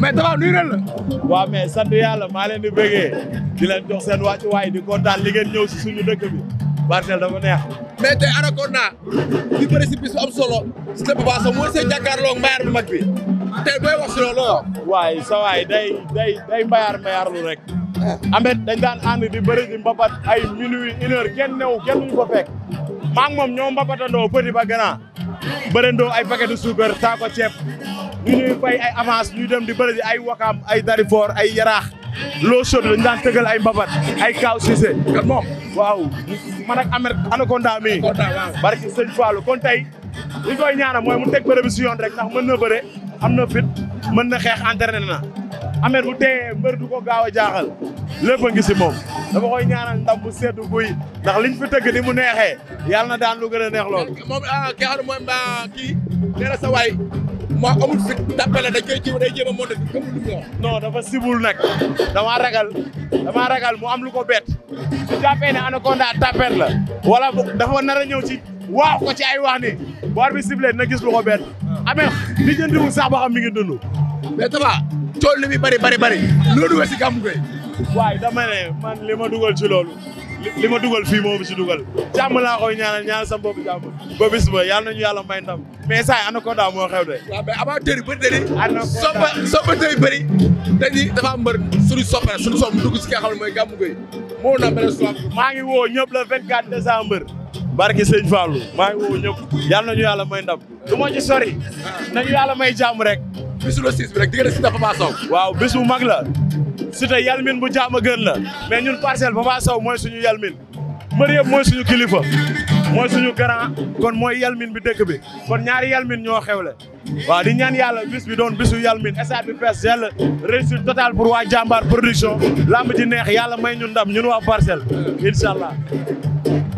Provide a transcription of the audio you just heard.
mais Tapha nuyu na la. waaw mais sant yàlla maa leen di bëggee di jox seen wàccuwaay di kontaan li ngeen ñëw si suñu dëkk bi Parcelles dafa neex. mais tey Anaconda di bëri si bis solo si la Papa Sow mooy seen jàkkaarloo mbayaar mbayaar mbayaarlu rek. Amet dañ daan ànd di bëri di mbapat ay minuit une heure kenn new kenn duñu ko fekk maa ngi moom ñoo mbapatandoo petit ba gannaaw bërendoo ay paquet de suukar saako ceeb. ñu ñuy fay ay avance ñu dem di bëri di ay wakaam ay darifoor ay yaraax loo sot lañu daan tëgal ay mbabat ay kaaw Cissé kan moom waaw man ak amet anaconda mi barki sëñ Fallou kon tey li koy mooy mu teg bëre bi rek ndax mën na bëre am na fit mën na xeex entraîné na amet bu teyee mbër du ko gaaw a jaaxal lépp a ngi si moom dama koy ñaanal ndam bu seddu guy ndax liñ fi tëgg ni mu neexee yàlla na daan lu gën a neex lool moom ah, a xam ne mooy mbaa ah, kii nee na maa amul fit tàppale dañ koy jiw day jéem a monté xamul lu mu wax. non dafa sibul nag damaa ragal damaa ragal mu am lu ko bett su jàppee ne Anaconda tapet la wala dafa nar ñëw ci wa ko ci ay wax ni boor bi ciblé na gis lu ko bett. Ah. amee li jënd mu sax ba xam mi ngi dund. mais Tapha tool li muy bari bari bari loolu weesu gàmmu koy. waaye dama ne man li ma dugal ci loolu. li ma dugal fii moo si dugal jàmm laa koy ñaanal ñaanal sa bopp jàmm ba bis ba yàlla nañu yàlla may ndam mais saa yi Anaconda moo xew de. waaw mais amateur yi bëri na ni. soppa soppa tey bëri dañuy si ki nga xam ne mooy gàmmu gay moo na benn sopp maa ngi woo ñëpp la 24 décembre. barke Sëñ Fallou maa ngi woo ñëpp yàlla ñu yàlla may ndam du ma ci sori ah. nañu yàlla may jàmm rek bisu le 6 bi rek diggante si dafa baa sow waaw bis bu mag la Siteu yalmin bu jaam a gën la mais ñun parcelle Papa Sow mooy suñu yalmin mbër yëpp mooy suñu kilifa mooy suñu grand kon mooy yalmin bi dëkk bi kon ñaari yalmin ñoo xewle waaw di ñaan yàlla bis bi doon bisu yalmin stade bi fees dell réussite totale pour waa jàmbaar production lamb ji neex yàlla may ñu ndam ñun waa parcelle incha